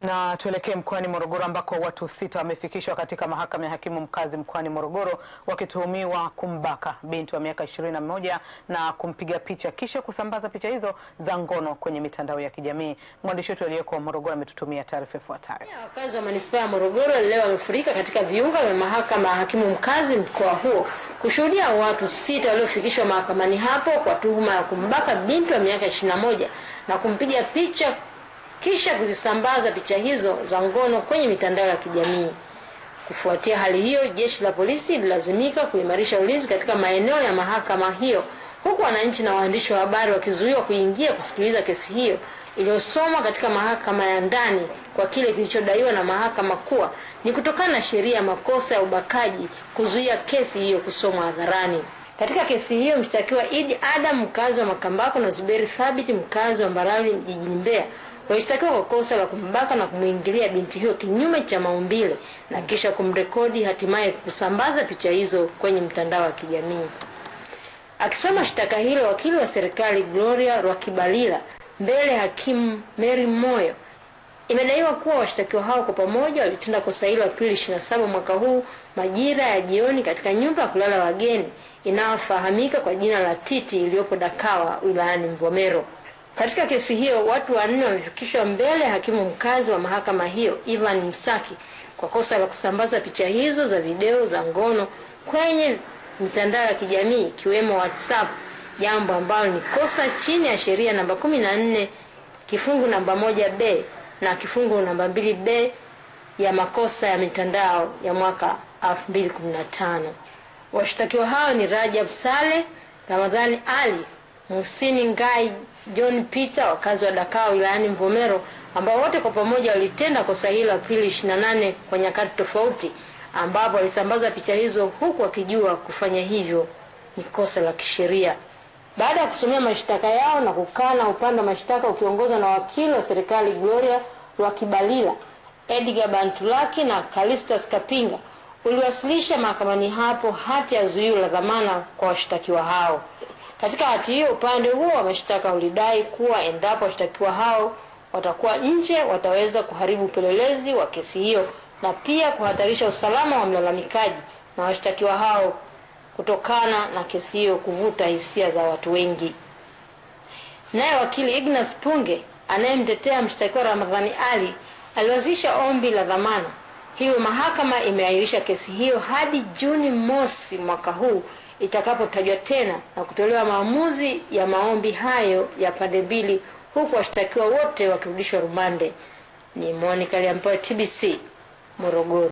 Na tuelekee mkoani Morogoro ambako watu sita wamefikishwa katika mahakama ya hakimu mkazi mkoani Morogoro wakituhumiwa kumbaka binti wa miaka ishirini na moja na kumpiga picha kisha kusambaza picha hizo za ngono kwenye mitandao ya kijamii. Mwandishi wetu aliyeko Morogoro ametutumia taarifa ifuatayo. Wakazi wa manispaa ya Morogoro leo wamefurika katika viunga vya mahakama ya hakimu mkazi mkoa huo kushuhudia watu sita waliofikishwa mahakamani hapo kwa tuhuma ya kumbaka binti wa miaka ishirini na moja na kumpiga picha kisha kuzisambaza picha hizo za ngono kwenye mitandao ya kijamii. Kufuatia hali hiyo, jeshi la polisi lililazimika kuimarisha ulinzi katika maeneo ya mahakama hiyo, huku wananchi na waandishi wa habari wakizuiwa kuingia kusikiliza kesi hiyo iliyosomwa katika mahakama ya ndani kwa kile kilichodaiwa na mahakama kuwa ni kutokana na sheria ya makosa ya ubakaji kuzuia kesi hiyo kusomwa hadharani. Katika kesi hiyo mshtakiwa Idi Adam mkazi wa Makambako na Zuberi Thabiti mkazi wa mbarali jijini Mbeya walishtakiwa kwa kosa la kumbaka na kumwingilia binti hiyo kinyume cha maumbile na kisha kumrekodi, hatimaye kusambaza picha hizo kwenye mtandao wa kijamii. Akisoma shtaka hilo, wakili wa serikali Gloria Rwakibalila mbele hakimu Mary Moyo Imedaiwa kuwa washtakiwa hao kwa pamoja walitenda kosa hilo Aprili 27 mwaka huu majira ya jioni katika nyumba ya kulala wageni inayofahamika kwa jina la Titi iliyopo Dakawa wilayani Mvomero. Katika kesi hiyo watu wanne wamefikishwa mbele hakimu mkazi wa mahakama hiyo Ivan Msaki kwa kosa la kusambaza picha hizo za video za ngono kwenye mitandao ya kijamii ikiwemo WhatsApp, jambo ambalo ni kosa chini ya sheria namba 14 kifungu namba moja b na kifungu namba 2B ya makosa ya mitandao ya mwaka 2015. Washtakiwa hao ni Rajab sale Ramadhani Ali, musini Ngai John Peter wakazi wa Dakao wilayani Mvomero ambao wote kwa pamoja walitenda kosa hilo Aprili 28 kwa nyakati tofauti, ambapo walisambaza picha hizo huku wakijua kufanya hivyo ni kosa la kisheria. Baada ya kusomea mashtaka yao na kukana upande wa mashtaka ukiongozwa na wakili wa serikali Gloria Lwakibalila, Edgar Bantulaki na Calistus Kapinga uliwasilisha mahakamani hapo hati ya zuio la dhamana kwa washtakiwa hao. Katika hati hiyo, upande huo wa mashtaka ulidai kuwa endapo washtakiwa hao watakuwa nje, wataweza kuharibu upelelezi wa kesi hiyo na pia kuhatarisha usalama wa mlalamikaji na washtakiwa hao kutokana na kesi hiyo kuvuta hisia za watu wengi. Naye wakili Ignas Punge anayemtetea mshtakiwa Ramadhani Ali aliwasilisha ombi la dhamana, hivyo mahakama imeahirisha kesi hiyo hadi Juni mosi mwaka huu itakapotajwa tena na kutolewa maamuzi ya maombi hayo ya pande mbili, huku washtakiwa wote wakirudishwa rumande. Ni Monica Liampoe, TBC, Morogoro.